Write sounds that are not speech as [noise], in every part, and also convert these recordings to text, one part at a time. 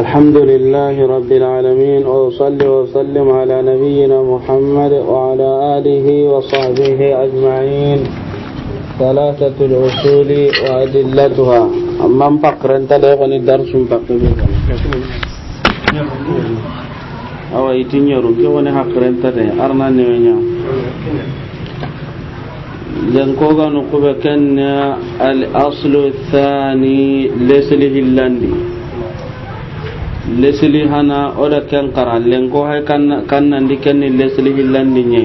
الحمد لله رب العالمين وأصلي وسلم على نبينا محمد وعلى آله وصحبه أجمعين ثلاثة الأصول وأدلتها أما فقر أنت لغني درس فقر أو يتين يرو كيوني حقر أنت أرنا نيونيا جنكوغا نقوبة كان الأصل الثاني لسله اللندي lesli hana oda ken karallen ko hay kan nan di ken lesli hillan ni nye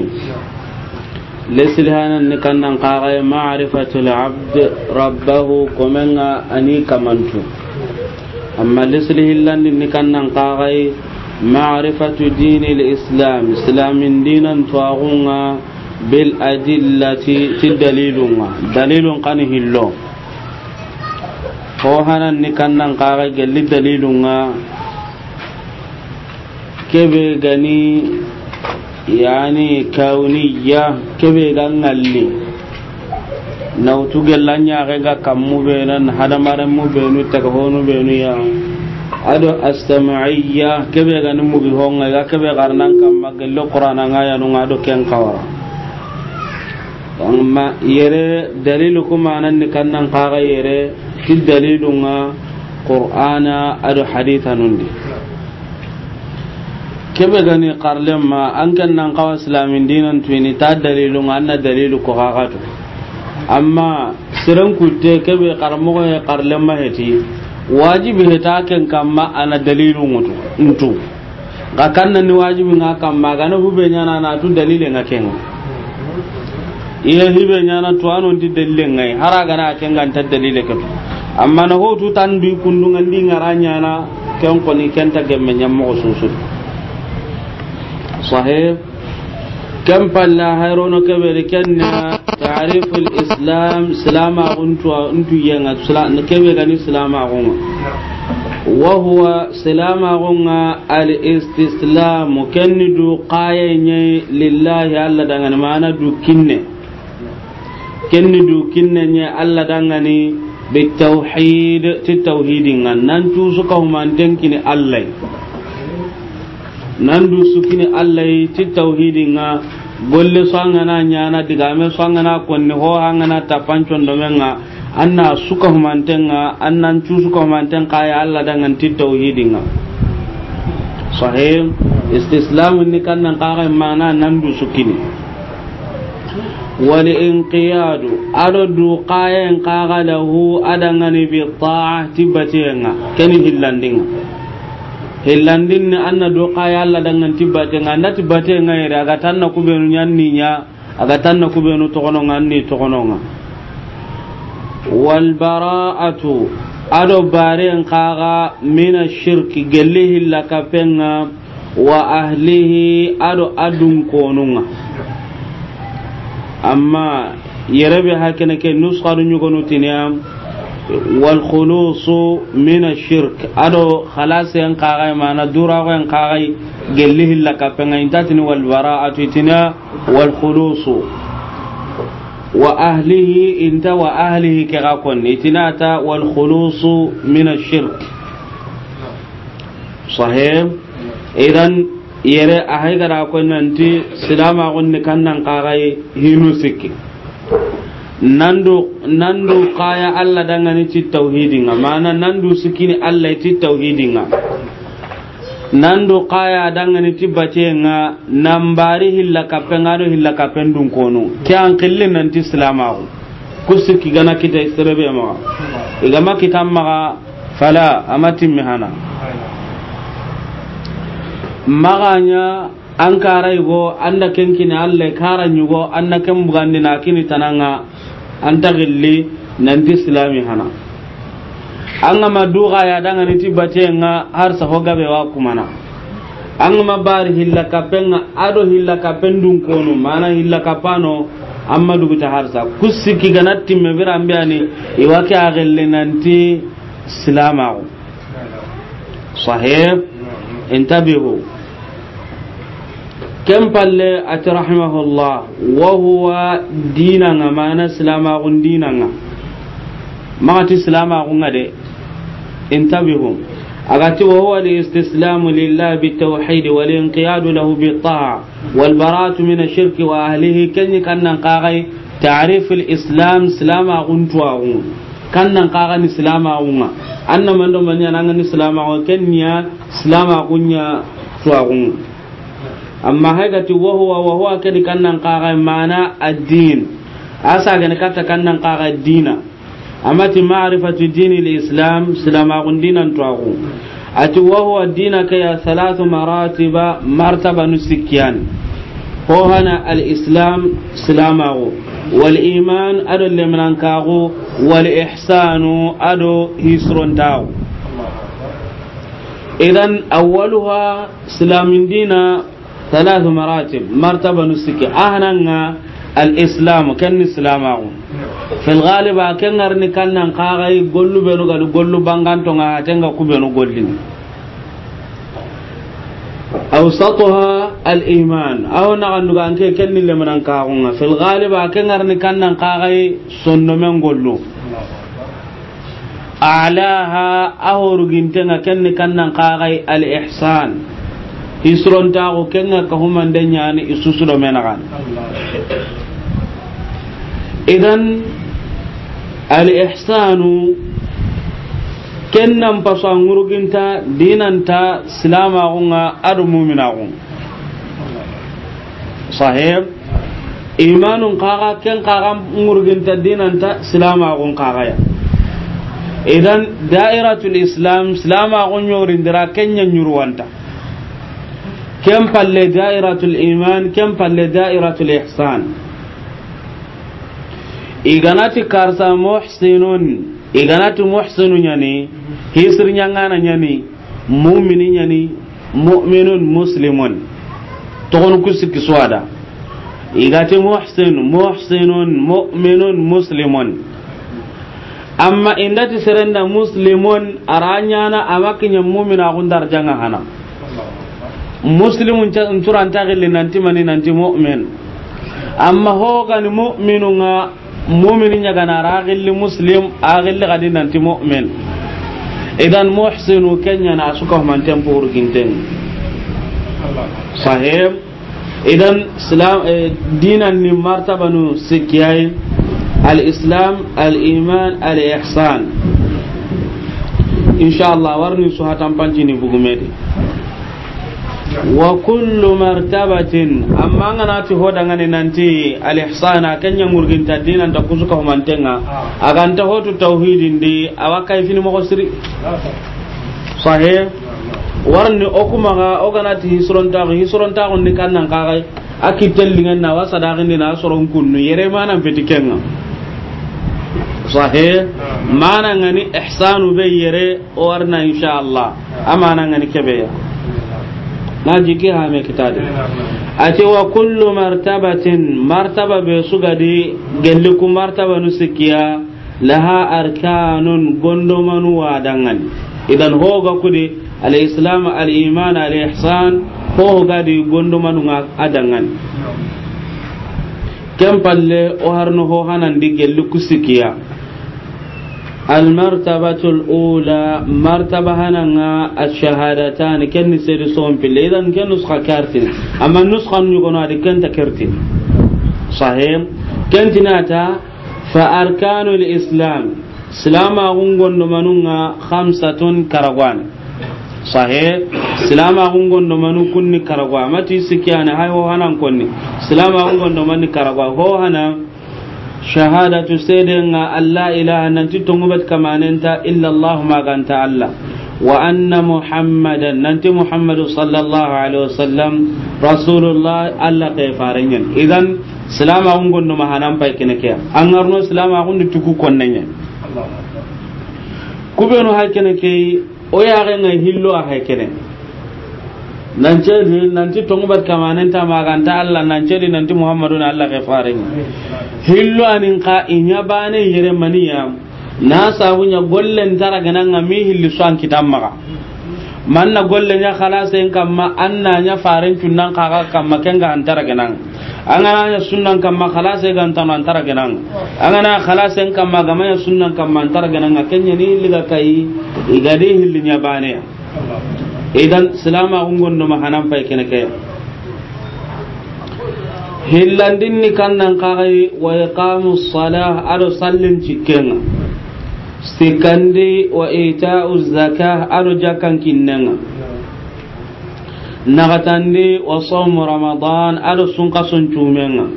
lesli hana ni kan nan qara ma'rifatul abd rabbahu kumenga ani kamantu amma lesli hillan ni kan nan qara ma'rifatu dinil islam islamin dinan tuwagunga bil adillati til dalilunga dalilun kan hillo ko hanan ni kan nan qara gelli dalilunga kebe gani yani kauniya kebe ga na nautu gellan yare ga kammu benan hadamaren mu benu taga honu benu ya ado astama'iyya kebe gani mugi honga ga kebe garnan kam magallo qur'ana nga ya nu ngado ken kawa amma yere dalilu kuma nan ni kannan kaga yere ki dalilu nga qur'ana ado hadithanun di kebe gani karlen ma an kan nan kawa islamin dinan tuni ta dalilun an na dalilu ko kakatu amma siran kute kebe karmogo ya e karlen ma heti wajibi heta ken ma ana dalilu mutu mutu ga kan nan ni wajibi nga ma ga na hube nyana na tu dalile ga kenga iya hibe nyana to anon ti dalile ngai haraga na kenga ta dalile ka amma na hotu tan bi kundungan di ngaranya na ken koni kenta gemme nyammo susu صحيح كم فلا هيرون كبير كنا تعريف الإسلام سلام أنتو أنتو ينا سلام كبير كان سلام أغنى وهو سلام أغنى الاستسلام كن دو قايني لله الله دعنا ما أنا دو كنة كن دو كنه الله دعنا بالتوحيد التوحيد عن ننتو سكهم أن تنكني الله nan du kini allai ti tauhidin nga golle nya nyana diga me sangana konni ho hangana tapancon do nga anna suka humantenga annan cu suka humanten kaya allah dangan ti tauhidin nga sahih istislam ni nan qara mana nan du sukini wal inqiyadu ado du qayen qaga lahu adangani bi ta'ati batenga keni hillandinga hillandin ni anna do qaya alla dangan tibate nganda tibate ngai ra ga tanna kubenu nyanni nya aga tanna kubenu to kono nganni to kono nga wal bara'atu ado en kaga mina shirki la hilla kapenga wa ahlihi ado adun konunga amma yerebe hakene ke nusqaru nyugo nutinya والخلوص من الشرك ادو خلاص ينقاغي معنا دورا وين قاغي له لك فنغينتاتني والبراءة تنا والخلوص واهله انت وأهله كغاكون اتناتا والخلوص من الشرك صحيح اذا yere a haigara kwananti silama gunni kannan kagai hinu siki nandu nandu kaya Allah ni ti tauhidin mana nandu sikini Allah ti tauhidin nandu kaya dangane ti nga nambari hilla kapengado hilla kapendun kono ke an kille nan ti islamahu kusiki gana kita isrebe ma igama kita maga fala amati mihana maganya an kara yugo anda kenkini alla kara yugo da ken bugandi na kini tananga ta gilli ti silami hana an ga ma duga ya danga ni ti nga har sa hoga be wa kumana an ga ma bari hilla nga ado hilla dun kono mana hilla kapano amma dugu ta har sa kusiki ganatti me biran biani iwake a gelle nanti islama sahih intabihu كم قال أترحمه الله وهو ديننا ما نسلما غن ديننا ما تسلما غن انتبهوا أغاتي وهو الاستسلام لله بالتوحيد والانقياد له بالطاعة والبراءة من الشرك وأهله كن كن قاعي تعريف الإسلام سلام غنتوا كان قاغي سلام غنى أن من من ينان سلام غنى كن سلام غنى توا amma haigati wahuwa wahuwa kedi kannan kaga mana addin asa gani katta kannan kaga dina amma ti ma'rifatu dinil islam silama gundinan tuwaku ati wahuwa dina kaya salatu maratiba martaba nusikyan ko hana al-islam silamago wal iman ado lemnankago wal ihsanu ado hisrontago idan awwaluha silamin dina ثلاث مراتب مرتبة نسكي أهنا الإسلام كن إسلام في الغالب كن أرني كان نقاعي قلوا بنو قالوا قلوا بانغان تونا تنغا كوبينو قلين أوسطها الإيمان أو نغنو كان كن اللي من نقاعونا في الغالب كن أرني كان نقاعي سنمن قلوا أعلاها أهو رجنتنا كن كان نقاعي الإحسان hisronta ko kenga ka den yani isusu do kan. idan al ihsanu ken nan paso dinanta silama gunga adu mu'mina muminaxun sahib imanun kaga ken kaga nguruginta dinanta kaga ya idan da'iratul islam silamaxun yorindira kenya ñurwanta كم فل دائرة الإيمان كم فل دائرة الإحسان إغنات كارسا محسنون إغنات محسن يعني هسر نيانا يعني مؤمن يعني مؤمن مسلم تغن كسك سوادا إغنات محسن محسن مؤمن مسلم amma indati serenda muslimun aranyana amakinya mumina gundar janga hana muslimun gilli nanti mani nanti mu'min amma ho mu'minu nga mu'minin ya gilli muslim gadi nanti mu'min idan muhsinu kenya na suka humanten purginten sahib idan islam eh, dinan ni martabanu sikiyai al-islam al-iman al-ihsan warni bugumedi wa kullu martabatin amma ngana ti ngani nanti al ihsana kanya ngurgin tadina ta kusuka humantenga ah. aganta hotu tauhidin di awaka fini mo siri ah. sahih ah, warni okuma ga ogana ti hisronta hisronta ni kannan akitel lingan na ni na soron kunnu yere manan fitikenga sahih mana ngani ihsanu بيره ورنا ان شاء amana ngani kebe ya na jiki ha me kitade ati wa kullu martabatin martaba be gadi gelli ku martaba nu sikiya laha arkanun gondomanu idan hoga kudi al islam al iman al ihsan gondo di gondomanu adangan kempalle o harno ho hanan di gelli ku sikiya المرتبة الأولى مرتبة هنا الشهادتان كن سيد صوم في إذا كن نسخة كارتين أما النسخة نقول هذه كن تكرتين صحيح كن تناتا فأركان الإسلام سلام أغنقون نمانونا خمسة كرغوان صحيح سلام أغنقون نمانو كن كرغوان ما تيسي كيانا هاي هو هنا كن سلام أغنقون نمانو كرغوان هو هنا shahadatu sedenga alla ilaha nanti tongubat kamanenta illa allah maganta allah wa anna muhammadan nanti muhammadu sallallahu alaihi wasallam rasulullah alla kefarenyen idan silama gungun no mahanan pai kinake an garno silama gundu tuku konnenye kubenu hakene ke o yare ngai hillo a hakene nance di nanti tongu bat kamanen ta maganta Allah nance di nanti Muhammadu na Allah ke farin hillu anin ka inya bane yere maniya na sabu nya gollen tara ganan ngami hillu san kitam maka man na gollen ya khalas en kamma anna nya faring tunnan ka ka kamma kenga antara ganan angana gana ya sunan kamma khalas ya ganta nan tara ganan an khalas en kamma gama ya sunan kamma antara ganan kenya ni liga kai igade hillu nya bane idan silama ungon no mahanan fay kene ke hillandin ni kannan kagai wa iqamu salah ado sallin cikkenga sikandi wa ita'u zakah ado jakan kinnenga nagatandi wa sawm ramadan ado sunka sun cumenga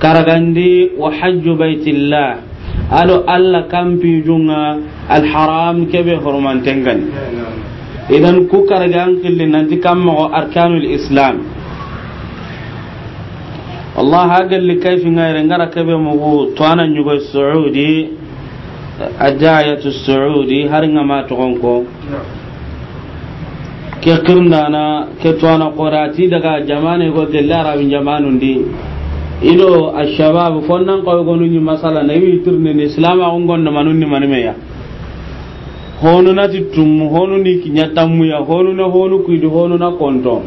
karagandi wa hajju baitillah ado alla kampi junga alharam kebe hormantengani idan ku kargan kille nan di kam mo arkanul islam wallahi haga li kayfi ngare ngara kabe mo go to anan nyugo saudi ajayatu saudi har ngama to gonko ke kirnana ke to korati qorati daga jamane go dilla rabin jamanu ndi ido ashabab fonnan qoy gonu ni masala nawi tirne ni islam a ngon manun ni manme ya yeah. honu na titum honu ni tammu ya honu na honu di honu na konto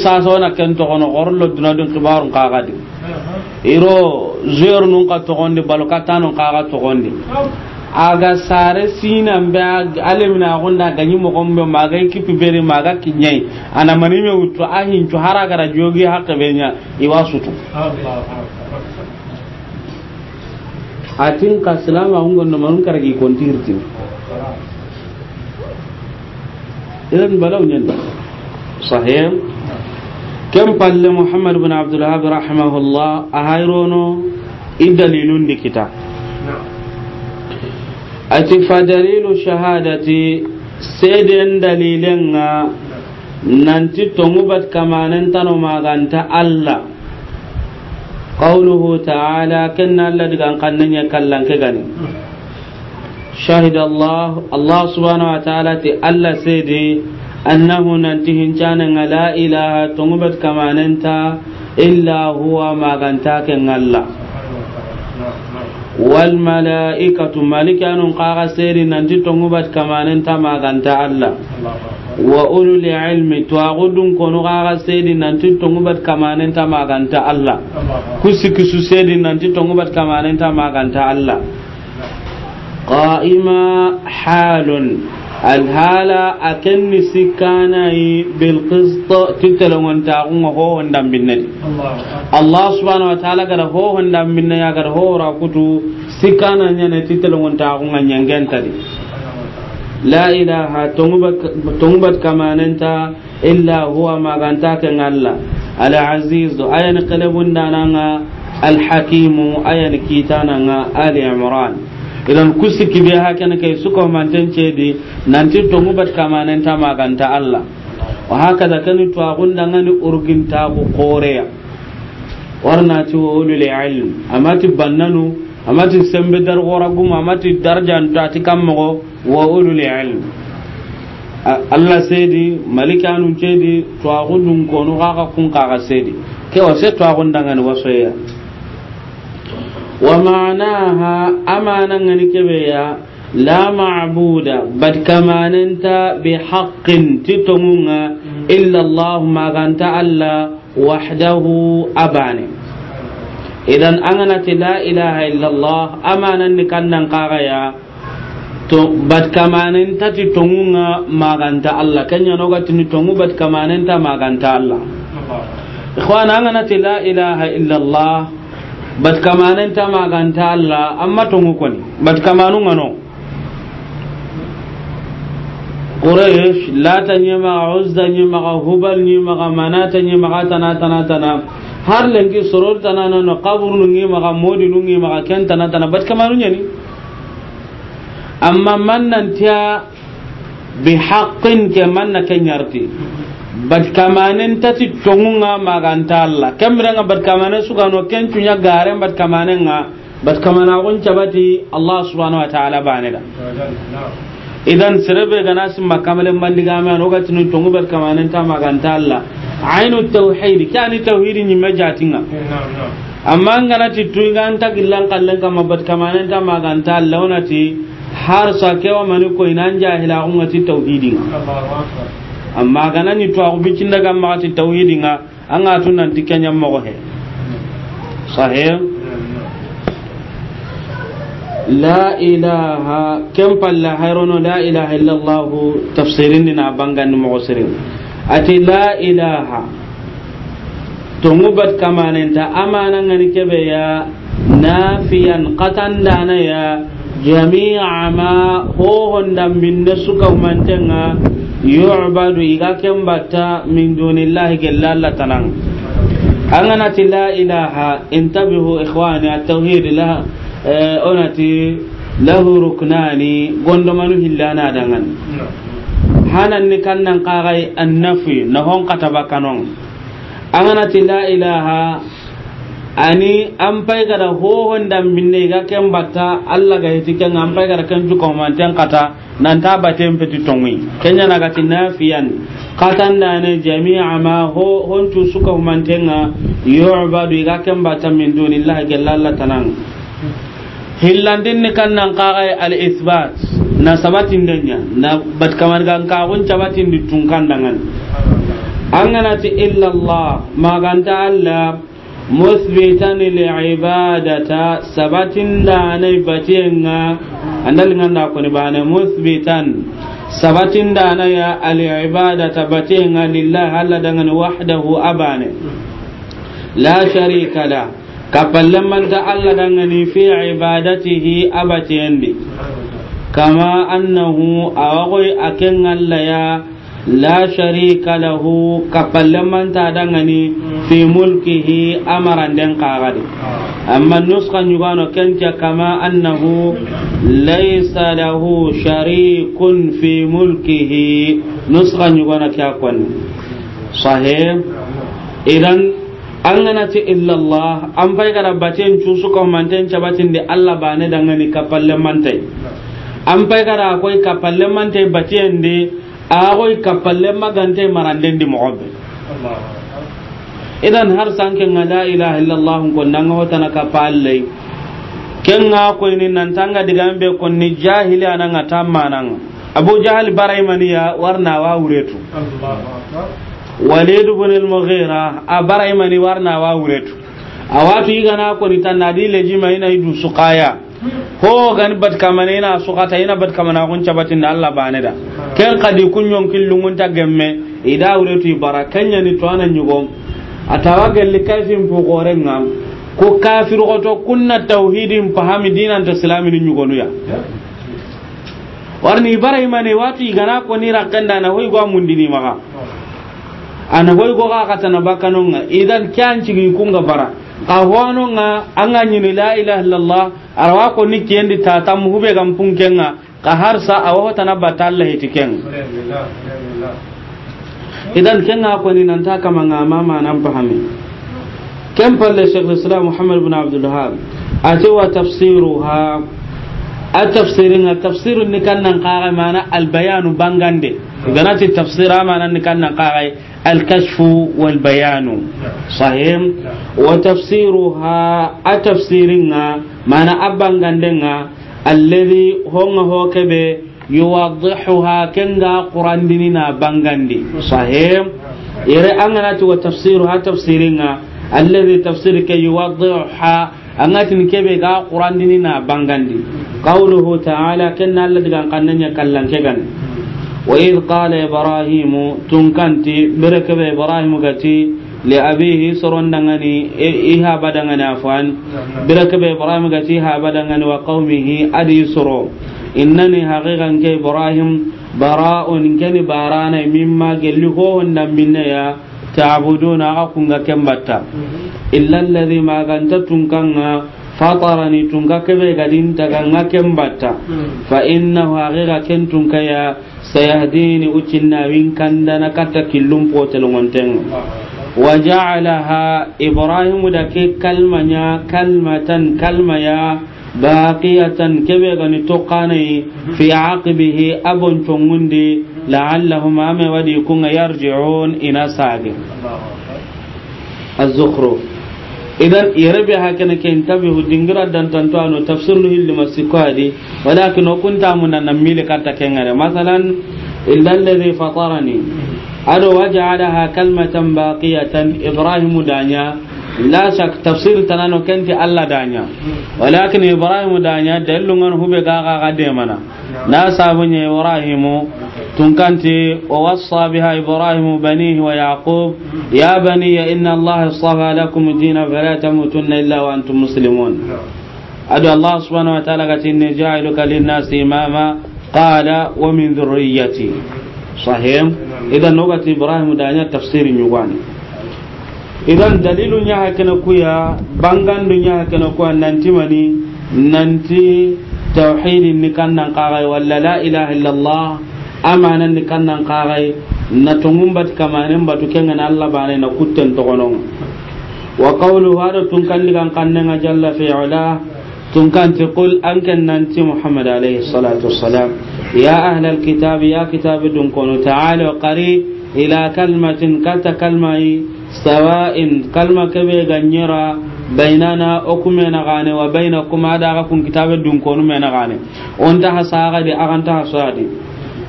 sa so na kento hono gorlo duna dun kibarun kagadi uh-huh. iro zero nun ka togondi balo katanun kaga togondi aga sare mbe ale mina gonda ganyi mo gombe maga kipi beri maga kinyai ana manime wutu ahin cu haraga ra jogi hakka benya iwasutu tin ka salama ungon no manun karagi kontirtin idan balaw nyen sahih kam palle muhammad ibn abdul wahhab rahimahullah ahayrono idalilun dikita ati fa dalilu shahadati seden dalilenga nanti tongubat kamanen tano maganta allah qawluhu ta'ala kenna allah digan kallan kallanke gani شهد الله الله سبحانه وتعالى الله سيدي أنه ننتهن كان لا إله تنبت كما ننتا إلا هو ما غنتاك الله والملائكة ملك أن قاغ سيري ننتي تنبت كما ننتا ما غنتا الله وأولو العلم تواغدون كونو غاغ سيري ننتي تنبت كما ننتا ما غنتا الله كسي كسو سيري ننتي تنبت كما ننتا ما غنتا الله قائما حال الهالة أكن سكانا بالقسط تتلو أن تاغون هو هندم بالنبي الله سبحانه وتعالى قال هو هندم بالنبي قال هو راكتو سكانا نيانا تتلو أن تاغون أن ينجن تدي لا إله تنبت كما ننتا إلا هو ما غنتاك الله العزيز أين قلبنا دانا الحكيم أين كيتانا آل عمران idan kusiki be hakan kai suka mantan ce nan nanti to mu bat kama nan ta maganta Allah wa haka da kan to agun dan ani urgin ta ko koreya warna ti ulul ilm amati bannanu amati sembe dar gora guma amati darjan ta ti kammo wa ulul ilm allah seedi malikanun ceedi twaxudun konu haka kun ga seedi ke wa se ani wasoya ومعناها أمانا نكبيا لا معبود بد كما ننت بحق تتمون إلا الله ما غنت ألا وحده أبان إذا أنت لا إله إلا الله أمانا نكنا قاغيا بد كما ننت تتمون ما غنت ألا كن ينوغت نتمو بد كما ننت ما غنت ألا إخوانا أنت لا إله إلا الله bat kamanen ta maganta Allah amma to ngukoni bat uzza hubal har na modi bat kamanu nyani amma man nan ta bi haqqin ke man na yarti batkamane ntati tongunga maganta Allah no batkamane sugano kencunya garen batkamane nga batkamana gun cabati Allah subhanahu wa ta'ala bane da idan sirbe gana sim makamalen bandigame an ogati nu tongu batkamane ta maganta Allah ainu tauhid kani tauhid ni majatinga amma ngana ti tuigan ta gillan kallan kama batkamane ta maganta Allah onati har sakewa mani ko inan jahila gun ti tauhidin amma gana ni to aku bikin daga magati tauhidi dinga, an ga tun nan tikanya mago he sahih la ilaha kam palla hayrono la ilaha illallah tafsirin na bangan mago sirin ati la ilaha to mubat kamanenta amana ngani kebe ya nafiyan qatan dana ya jami'a ma hohon dambin da suka mantenga yu'badu iga bata min dunillahi gella Allah tanan ti la ilaha intabihu ikhwani at-tauhid la eh, onati lahu ruknani manu hillana dangan hanan ni kannan qarai annafi nahon katabakanong ti la ilaha ani an pay gara hohon da minne ga ken batta Allah ga yiti ken an pay gara ken ju ko man kata nan ta baten peti tonwi kenya na ga tinafiyan katan da ne jami'a ma ho hon tu suka man tenga yu'badu ga ken batta min dunillahi gallalla tanan hillandin ne kan nan qarai al isbat na sabatin danya na bat kamar gan ka hun sabatin ditun kan dangan an ganati illa Allah maganta Allah musbitan al-ibadata sabatin da nai batiyenga andal nganda ko ni bana musbitan sabatin da na ya al-ibadata batiyenga lillahi alla dangan wahdahu abane la sharika la kapallan man ta alla dangani fi ibadatihi abatiyendi kama annahu awagoi aken alla ya la sharika lahu kapalle man ta dangani fi mulkihi amaran den qagadi amma nuska nyugano kenja kama annahu laysa lahu sharikun fi mulkihi nuska nyugano kya kwan sahih idan an gana illa allah an fai gara bacin su ko mantan cabatin da Allah ba ne dangani kapalle mantai an fai gara akwai kapalle mantai bacin da agoy kapalle magante marandendi mogoɓe idan har sanke nga la ilaha illallah ko nanga hotana kapalle kenga koyni nantanga digambe ni jahili ananga tammananga abu jahal baraymaniya warna wa wuretu walidu ibn al-mughira a baraymani warna wa wuretu awatu igana koni tan nadi lejima ina idu suqaya ho gani bat kamane ina sukata ina bat kamana kun cabatin da Allah bane da ken kadi kun yon killungun ta gemme Idaa wure tu bara kenya ni to anan yugo atawa gelli kafin fu gorenga ko kafir goto kunna tauhidin fahami dinan ta islamin yugo ya warni bara imanee watu igana ko ni rakanda na hoy gwa mundini maka ana hoy go ka katana bakanonga idan kyan cigi nga bara ka hono nga anga nyini la ilaha illallah arwa ko ni kendi tata mu hube gam punkenga ka har sa awo tana batalla hitiken idan kenga ko ni nan ta kama nga mama nan fahami kan palle shaykh islam muhammad ibn abdul wahab ati wa tafsiruha a tafsirin a tafsirin ni kan nan kaga mana al bayanu bangande ganati tafsira mana ni kan nan kaga al wal bayanu sahim wa tafsiruha a tafsirin mana alladhi honga yuwaddihuha kenga qur'andini na bangande sahim wa tafsiruha angatin kebe ga qur'an dini na bangandi qawluhu ta'ala kenna allah diga kannanya kallan ke gan wa id qala ibrahim tunkanti berekebe ibrahim gati li abihi soron dangani e, iha badangani dangani afan berekebe ibrahim gati ha badangani wa qaumihi adi soro innani haqiqan ke ibrahim bara'un kani barana mimma gelli ko honda minna ya ta'buduna akunga kembatta illa alladhi ma ganta tunkanga fatarani tunka kebe gadin taga nga kembatta hmm. fa innahu aghira kentun kaya sayahdini ucinna win kandana katta killum potel ngontenga hmm. wa ja'alaha ibrahim da ke kalmanya kalmatan kalmaya baqiyatan kebe gani toqanai hmm. fi aqibihi abon tongundi la'allahum ame wadi kunga yarji'un ina sage az-zukhruf idan yerebe hakene tabi intabihu dingira dan tantu anu tafsir lu hilli masiko adi walakin nan muna namile kata kengare masalan illa da fatarani ado waja'alaha kalmatan baqiyatan ibrahimu danya la shak tafsir tanano kenti allah danya walakin ibrahim danya dallu ngan hube ga ga ga de mana na sabunya ibrahim tun kanti wa wassa biha ibrahim banihi wa yaqub ya bani inna allah istafa lakum dinan fala tamutunna illa wa antum muslimun adu allah subhanahu wa ta'ala ga tinni ja'iluka lin-nas imama qala wa min dhurriyyati sahih idan nogati ibrahim danya tafsir nyugwani idan dalilun ya na kuya bangandun ya na kuya nanti mani nanti tauhidin ni kannan kagai walla la ilaha illallah amanan ni kannan kagai na tungun bat kamanin batu kengan Allah bane na kutten tokonon wa qawlu hada tun kan digan kannan ajalla fi ula tun kan ti qul an kan nanti muhammad alaihi salatu wassalam ya ahlal kitab ya kitab dun kono ta'ala qari ila kalmatin kata kalmai sawa'in kalma kebe ganyera bainana okume na gane wa baina kuma da ga kun kitabe dun ko nume na gane on ta hasaga de agan ta hasadi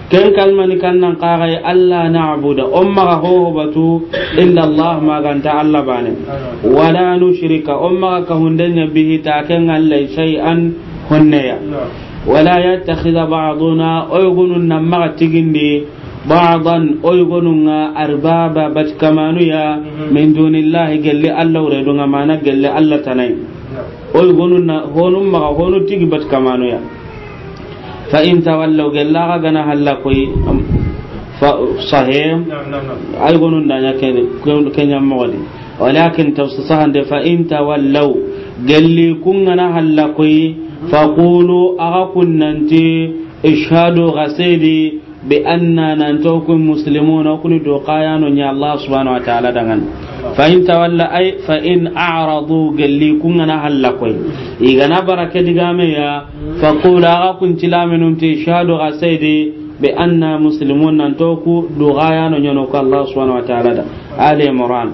ken kalma ni kan nan qaga alla na'budu umma ga ho batu illa allah ma gan ta allah bane wala nushrika umma ka hundanya bihi ta kan allah shay'an hunneya wala yattakhidha ba'duna aygunun namma tigindi بعضا أيغنوا أربابا بتكمانويا من دون الله قال لي الله وردونا ما نقل لي الله تنين أيغنوا هونم مغا هونو تيك بتكمانويا فإن تولوا قال لا غنا هلا كوي صحيح أيغنوا نانا كينيا مغدي ولكن تفصصها فإن تولوا قال لي كنا هلا كوي فقولوا أغا كننتي اشهدوا غسيدي bi anna nan to kun muslimuna kun do qayano nya Allah subhanahu wa ta'ala dangan fa in tawalla ay fa in a'radu galli kun ana halla igana barake digame ya fa qula akun tilaminun ti shadu gasaidi bi anna muslimun nan to ku do qayano nya no ko Allah subhanahu wa ta'ala da ali imran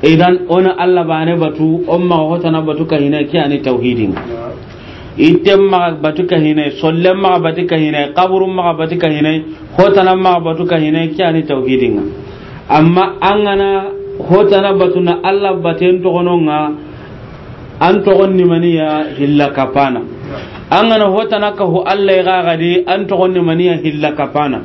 idan ona Allah bane batu umma hotana batu kahina kiyani tauhidin item maga batu ka sollem solle maga batu ka hine kaburu maga batu ka hotana maga batu ka kyani tauhidinga amma angana hotana batu na Allah baten to gononga an to gonni maniya hilla kapana angana hotana ka hu Allah ga gadi an to gonni maniya hilla kapana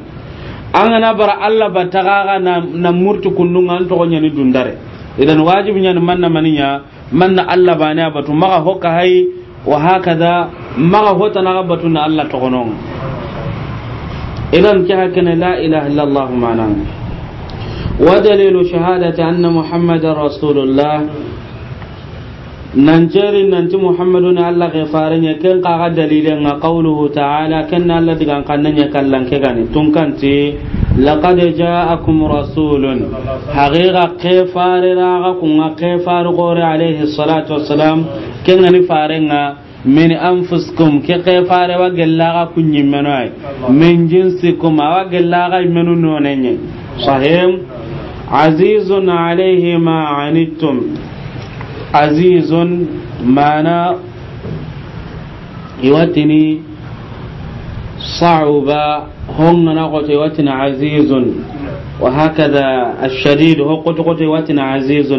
angana bara Allah bataga na na murtu kunnunga an to gonya ni dundare idan wajibi nyani manna maniya manna Allah bana batu maga hokka hay wa hakaza maga hota na gabatu na Allah ta gonon idan ki hakana la ilaha illallah ma'ana wa dalilu shahadati anna muhammadar rasulullah nan jerin nan muhammadu na Allah ga farin ya kan kaga dalilin ga qauluhu ta'ala kan Allah digan kan nan ya kallan ke gani tun kan Laaqa gajaa akumu rasuulun haqiqa qe'ee faariraa kumaa qe'ee faaruu qorrii aleehi salatu wa salaam faarinaa min aan fuskum kee qe'ee faarri wa gellaaqa kun yimanwou min jinsi kumaa wa gellaaqa minu nooneenyi faheem. Aazizuun Aleehiima haani tun aazizuun maana i waatini saacubaa. هم من واتن عزيز وهكذا الشديد هو قد قط واتن عزيز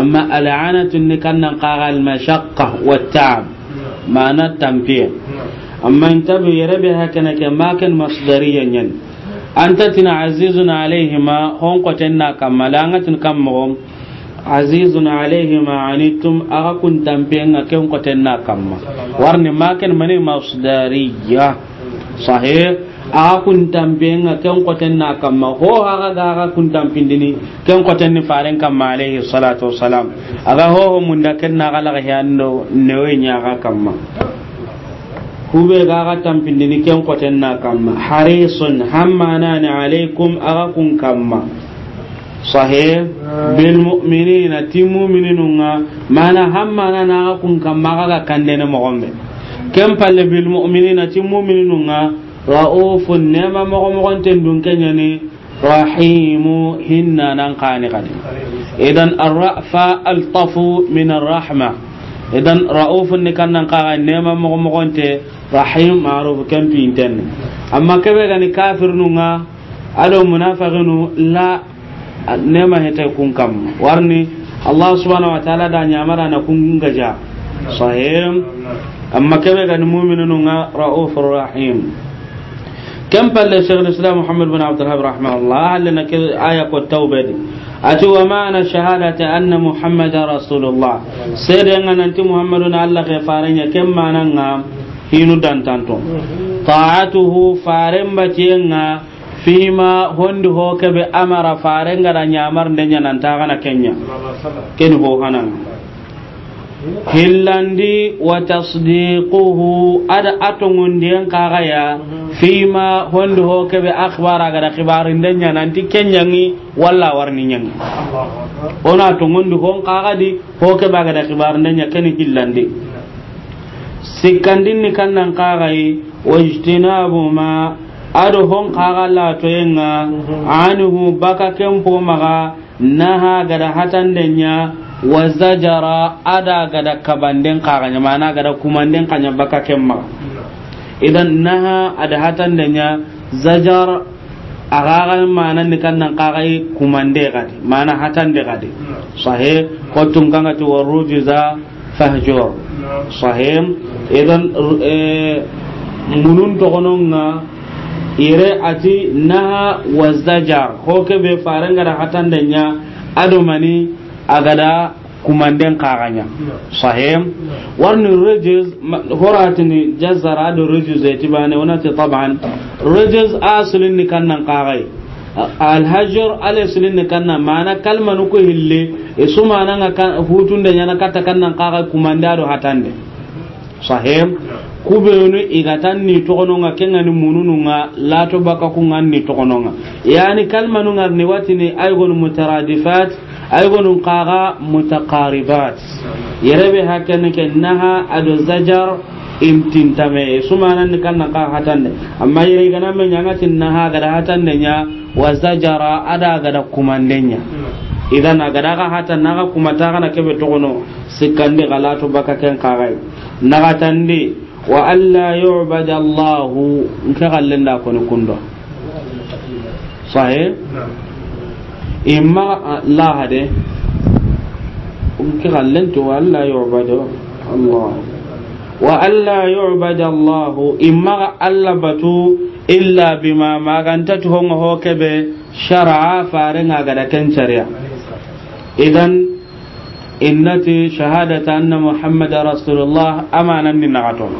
أما العانة لكنا قاغ المشقة والتعب ما التنبيه أما انتبه يربي هكذا ما كان مصدريا ين أنت تنا عزيز عليهما هم قتنا كما لانت كم هم عزيز عليهما عنيتم أغاكم تنبيه كم قتنا كما ورن ما كان من مصدرية صحيح aga kuntampenga ken kotenna kamma ho aga ga aga kuntampindini ken kotenni faren kamma alayhi salatu wassalam aga hoho munda kenna aga laga hiyando newe nyaga kamma kube ga aga tampindini ken kotenna kamma harisun hammanani alaykum aga kun kamma sahih bil mu'minina timu mininunga mana hammanana aga kun kamma aga kandene mogombe ken palle bil mu'minina timu mininunga ra'ufun nema mogo mogon ten rahimu hinna nan kani kani idan arrafa altafu min arrahma idan ra'ufun ni kan nan kaga nema mogo mogon te rahim ma'ruf kan pinten amma kebe gani kafir nunga ado munafiqinu la nema hita kun kam warni allah subhanahu wa ta'ala da nyamara na kun gaja sahim amma kebe gani mu'minun nga ra'ufur rahim كم قال شيخ الاسلام محمد بن عبد الوهاب رحمه الله لنا آية التوبة دي أتي ومعنى شهادة أن محمد رسول الله سيد أن أنت محمد الله غفارين كم معنى هينو دانتانتو طاعته فارن بتينا فيما هند هو كبي أمر فارن غدا نيامر نيانا نتاغنا كنيا كن هو هنا hillandi wa tasdiquhu ada atongundiyan kagaya fima hondi ho kebe akhbara gada khibarin denya nanti kenyangi walla warni nyangi ona atongundi hon di ho kebe gada khibarin denya keni hillandi sikkandin ni kannan kagai wajtinabu ma ado hon kaga la toyenga mhm. anhu baka kempo maga naha gada hatandenya wa zajara ada gada kabanden kaganya mana gada kumanden kanya baka kemma idan naha ada hatan danya zajar agaga mana ni nan kagai kumande gadi mana hatan de gadi sahih qotun kanga to warujuza fahjur sahih idan munun e, to gononga ire ati naha wa zajar ko ke be faranga da hatan danya adomani agada kumanden kaganya sahim warni rejiz horatini jazara ado rejiz etibane onati taban rejiz asilin ni kannan kagai alhajar alasilin ni kannan ma'ana kalma nuku hille isu ma'ana nga hutun da yana kata kannan kagai kumandado hatande sahim kubenu igatan ni togononga ni munununga lato baka kungan ni togononga yani kalma nungar ni watini aygon mutaradifat aygonun kaga mutaqaribat yerebe hakene ke naha ado zajar imtintame sumanan kan na ka hatan amma yere gana men yanga tin naha gada hatan nya wa zajara ada gada kumandenya idan agada ka hatan naa kumata kana kebe tokono sikande galatu baka ken kagai naga tandi wa alla yu'bada allah nka gallen da koni kundo sahih imma lahade kika lento alla yu'badu allah wa alla yu'badu allah imma alla batu illa bima maganta tu hongo hokebe shar'a farenga gada ken sharia idan innati shahadata anna muhammad rasulullah amanan ni nagaton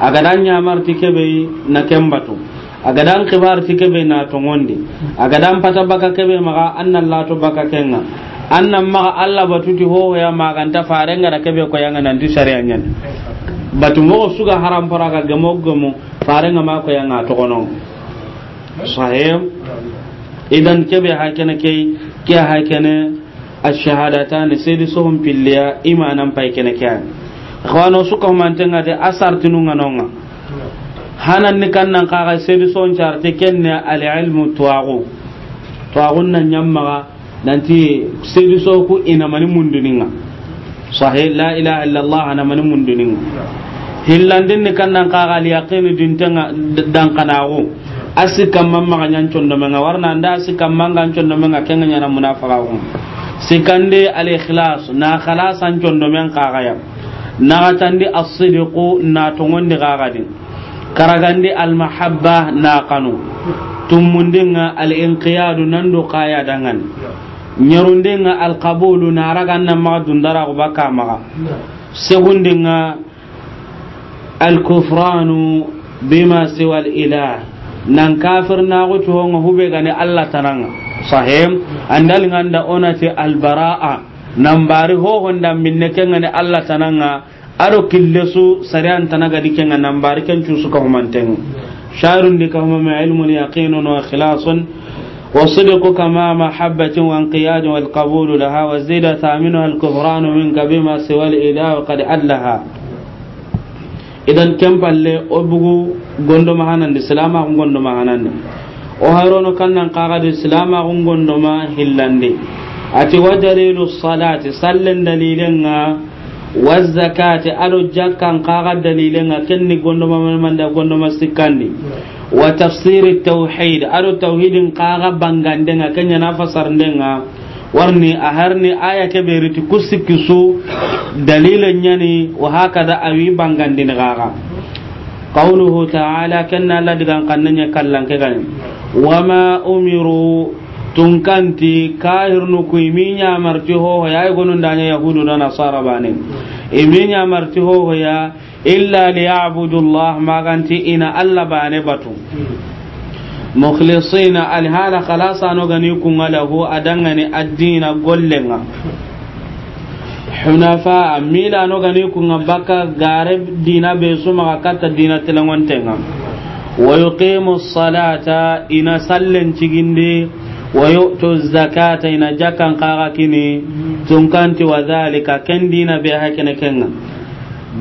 agada nyamarti kebe na batu. agadan kibar fi kebe na tongondi agadan pata baka kebe maga annan lato baka kenga annan maga alla batuti ho ya maga nta farenga da kebe ko yanga nan tisari anyan batu mo suga haram para ga gamo gamo farenga ma ko yanga to kono sahem idan kebe hakene kai ke hakene ashahadatan sayyidu suhum pilliya imanan paikene kai khwano suka mantenga de asartinu nganonga nga. hanan ni nan kaga sebi son charte kenne al ilmu tuwagu tuwagun nan nyammaga nanti sebi so ku ina mani munduninga sahih la ilaha Allah ana mani munduninga hillandin ni nan kaga al yaqin tanga dan kanagu asi man maga nyan condo menga warna nda asi kamman gan condo menga kenga nyana munafaqu sikande al ikhlas na khalasan chondo men kaga ya na tandi as sidiqu na ni kaga din karagandi almahabba naqanu tummundinga alinqiyadu nando qaya dangan nyarundinga alqabulu naraganna maga dundara go baka maga segundinga alkufranu bima siwal alilah nan kafir na gutu honga hube gane allah tanan sahem andal nganda onati albara'a nambari ho honda minne kengane allah tananga aro kille su sarian tana ga dikin nan barikan cu suka kuma tan sharun di ka kuma mai ilmu ya qinun wa khilasun wa sidqu kama mahabbatin wa inqiyad wal qabul laha wa zida thaminu al kufran min kabima siwa al ilah qad allaha idan kem balle obugu gondo mahanan di salama gondo mahanan o harono kannan qaga di salama gondo ma hillande ati wajarilu salati sallan dalilan wazakati ado jakkan kaga dalilenga kenni gondoma manda gondoma sikkandi wa tafsiri tauhid ado tauhidin kaga bangandenga kenya na fasarndenga warni a aya ke beriti kusikisu su dalilen wa hakada awi bangandin kaga qawluhu ta'ala kenna la digan kallan ke wama umiru tun kanti kahirnu ku imi ñamarti hohoya ay gonundaña yahudu na nasara bane imi hoho ya illa ya'budu allah maganti ina allah bane batu mukhlisina alhala kalasanogani kunga lahu adangani addina gollenga hunafa gani kunga bakka gare dina be sumaga kata dina telengontenga wa yuqimu salata ina sallan cigindi wa yu'tu zakata ina jakan qara kini tunkanti wa zalika ken dina be hakene kenga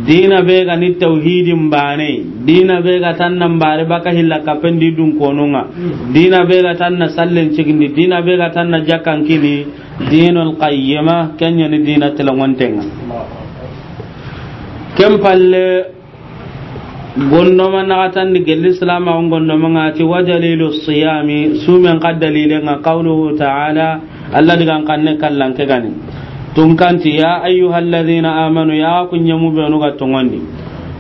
dina be ga ni tauhidin bane dina be ga tannan bare baka hilla ka pendi dun konunga dina be ga tanna sallen cikindi dina be ga tanna jakan kini dinul qayyima kenya ni dina tilawantenga kem palle gondoma naxatandi gelli silama gondoma ngati wa dalilu siyami sumen ka dalile nga qawluhu taala alla digan kanne ke gani tun kanti ya ayyuha alladhina amanu ya kunyamu be ga tungondi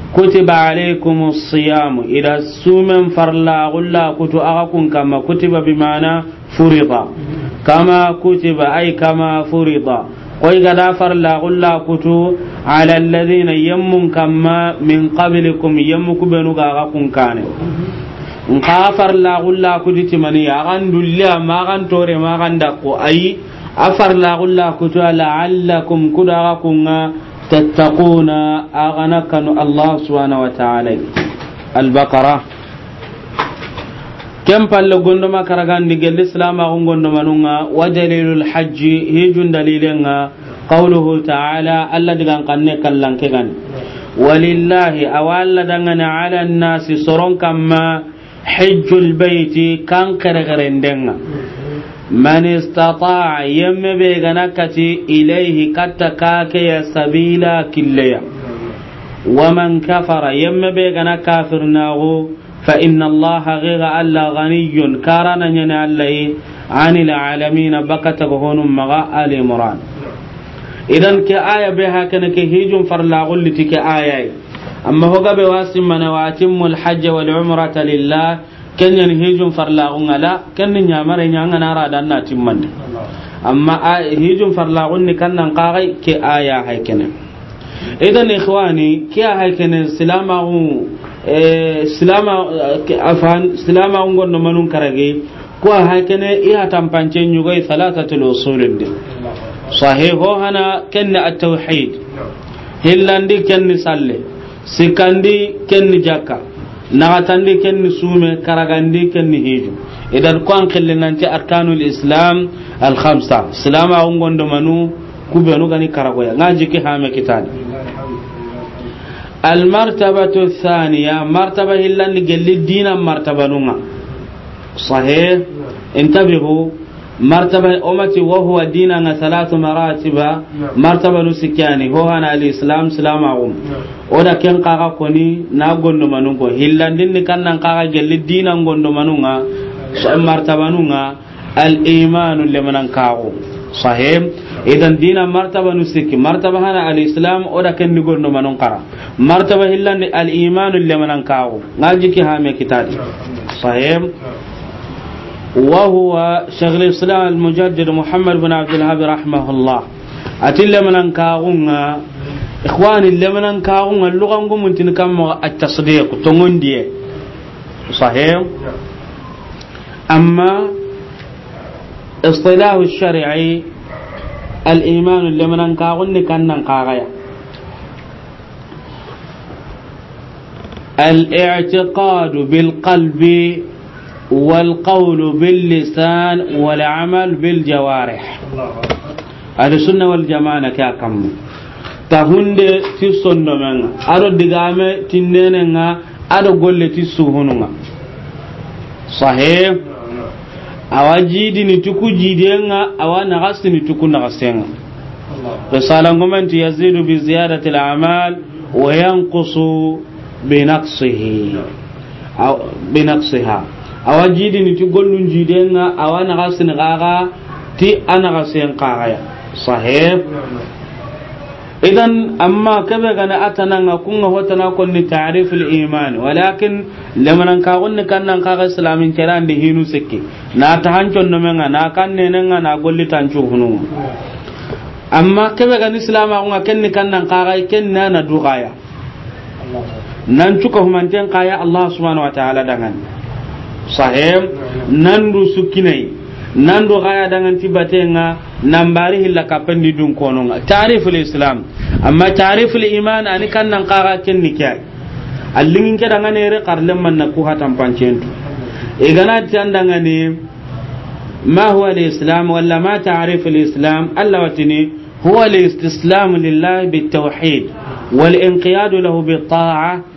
kutiba alaykum siyamu ida sumen farla gulla kutu aga kun kama kutiba bimana furida kama kutiba ay kama furida koy gada la gulla kutu ala alladhina yammun kamma min qablikum yammu kubenu ga ga kun kane nka la gulla kutu timani agan dulla ma gan tore ma gan ai ayi la gulla kutu la'allakum kudaga kunga tattaquna aganakanu kanu allah subhanahu wa ta'ala al-baqara ken palle gondoma karagandi gelli silamaxu gondomanunga wa dalilul hajji hijun dalilenga qawluhu taala allah digan kanne kallanke gani walillahi awa allah dangane ala soron kamma hijjul beyti kan keregerendenga man istataa yemme be gana kati ilayhi katta ya sabila killaya. waman kafara yemme be gana kafirnaxu fa inna allaha ghira alla ghaniyun karana nyane alla yi anila alamina baka ta gahonun maga alimuran idan ke aya bai haka na ke hijin farlagun liti ke aya yi amma ko gabe wasi mana wacin mul hajji wa li'umura ta kenyan hijin farlagun ala kenni nyamara yi nyanga na rada na cimman amma hijin farlagun ni kannan kare ke aya haikinan idan ikhwani kiya haikene silama u e, silama e, afan silama un gonno manun karage ko haikene iya tampance nyugai salatatul usulin din sahiho hana kenna at-tauhid hillandi kenni salle sikandi kenni jakka nagatandi kenni sume karagandi kenni hiju idan ko an khillinanti arkanul islam al khamsa silama un gondo manu kubenu gani karagoya ngaji ki hame kitani almartabatu thaniya martaba hillandi gelli dina martabanunga sahih intabihu martaba umati wa huwa dinana salatu maratiba martaba nu sikani ho hana islam salama um oda koni na gondo manungo hillandin ni kannan kaga gelli dina gondo manunga al imanu lemanan kago sahih idan dina martaba nusiki martaba hana al islam oda ken manon martaba hillan al iman le manan kawo ngaji ki ha me kitati sahih وهو شيخ الإسلام المجدد محمد istilahu shar'i al-iman liman ka gunni kannan qagaya الاعتقاد بالقلب والقول باللسان والعمل بالجوارح هذا سنة والجماعة كاكم تهند في سنة من أرو دقامة تنين أرو قولة تسوهن صحيح awa jidi ni tuku jidenga awa nagasi ni tuku nagasenga risala ngomanti yazidu bi ziyadati al-amal wa yanqusu bi naqsihi aw bi naqsiha awa jidi ni tugollun jidenga awa nagasi ni gaga ti anagasen qagaya sahib idan amma kabe gana atananga kunga hotana konni ta'rif al-iman walakin lamanan ka kan nan ka islamin kiran da hinu sikke na ta hancon no menga na kanne nenga na golli tancu hunu amma kabe gana islam ko ga kenni nan ka ga kenna na duqaya nan cuka humanten kaya allah subhanahu wa ta'ala dangan sahem nan du sukinai nan do gaya dangan tibatenga nambari hilla kapendi dun nga tariful islam amma tariful iman ani kan nan kaga ken nikai allingin ke dangan ere karlem man na ku hatan pancentu e gana tan dangane ma huwa islam walla ma ta'riful islam alla watini huwa al-istislam lillah bitawhid wal inqiyad lahu bi ta'ah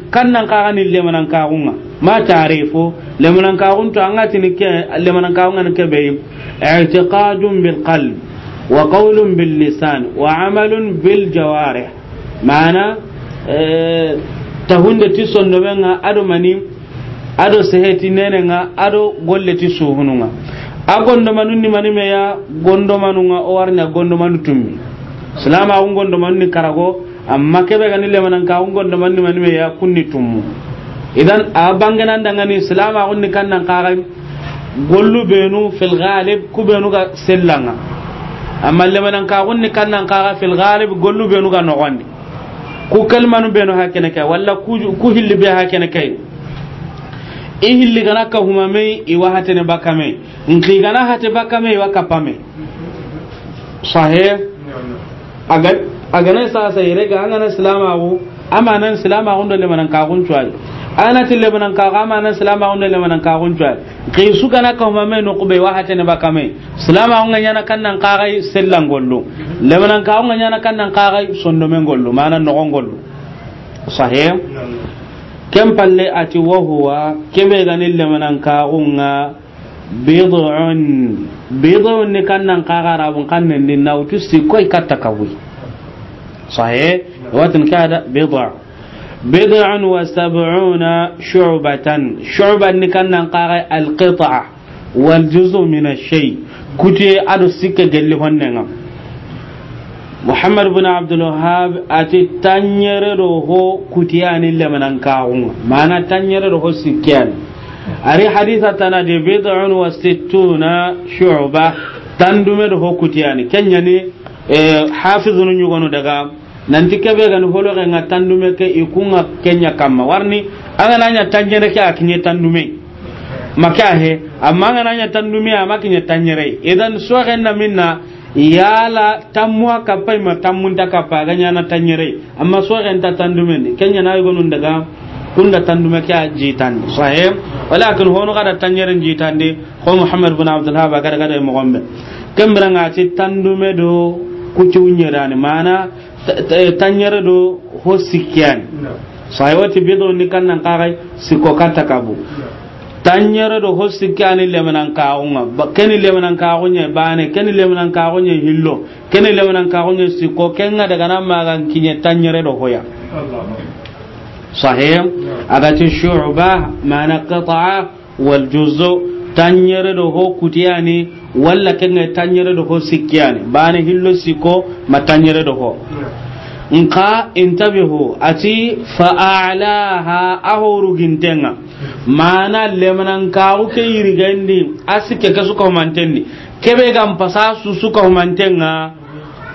kannan kaga ni lemanan kagunga ma tarifo lemanan kagun to anga tin ke lemanan kagunga ke be i'tiqadun bil qalb wa qawlun bil lisan wa amalun bil jawarih mana eh, tahunde ti sonno benga ado mani ado seheti nenenga ado golle ti suhununga a gondomanunni manimeya gondomanunga o warña gondomanu tummi silama kun gondomanunni karago amma kebe ga nille manan ka ungon da manni manni ya kunni tummu idan a bangana daga ni islama kunni kan nan kaga gollu benu fil ghalib ku benu ga sellanga amma le manan ka kunni kan nan kaga fil ghalib gollu benu ga no wandi ku kalmanu benu hakene kai walla ku ku hilli be hakene kai i hilli nakka ka humame i wa hatene bakame ga na hate baka i wa kapame sahih ganin sasa sa yere an angana silama ko amanan silama ko ndole manan ka kun cuwa ana tille manan ka ama nan silama ko ndole manan kakun cuwa ke su kana ka ma me no kube ne baka me silama ko nganya kan nan ka ga sellan gollo le manan ka nganya na kannan ka ga gollo manan nukon gollo sahih kem palle ati wa huwa kebe ganille manan ka unga bid'un bidon ni kannan kagara bun kannan ni na utu si koi katta kawi sahe watin kada bid'a bid'un wa sab'una shu'batan shu'ban ni kannan kaga al wal juz'u min ash-shay kute adu sikke gelli honnenga muhammad ibn abdul wahhab ati tanyere do ho kutiyani lemanan kaunga mana tanyere do ho ari hadisa tana de bid'un wa sittuna shu'ba tan dume do hokutiyani kenyani eh hafizun nyugonu daga nanti kebe gan holo ga tan dume ke ikunga kenya kamma warni anga nanya tanjere ke akinye tan dume makahe amma anga nanya tan dume amma kinye tanjere idan so na minna yala tammuwa kappai ma tammunta kappa ganya na tanjere amma so ta tan dume kenya na yugonu daga kunda tandu me kya jitan sahib walakin honu kada jitan de ko muhammad bin abdul haba kada kada e mo gombe kembra tandu me do ci wunyerani mana e, tanyere do ho sikyan sahib wati bido ni kannan kagai siko kanta kabu tanyere do ho sikkani lemanan kaxunga keni lemanan kaxuñe bane keni lemanan kaxuñe hillo keni lemanan kaxuñe siko kenga dagana magan kinye tanyere do hoya Sahiyee. agati teessoo ba'aa maana qabaa waljozo taanyoore dhahoo kutiyaani walla kaŋ taanyoore dhahoo sikiyaani. Baana hin sikko ma taanyoore dhahoo. Nkaa intabihu ati fa alaa haa ahoo rugi teŋa. Maana lemana nkaau kee yirigirri as kpɛkpe suur ka humna tenni. Kebeegam fasasuu suur ka humna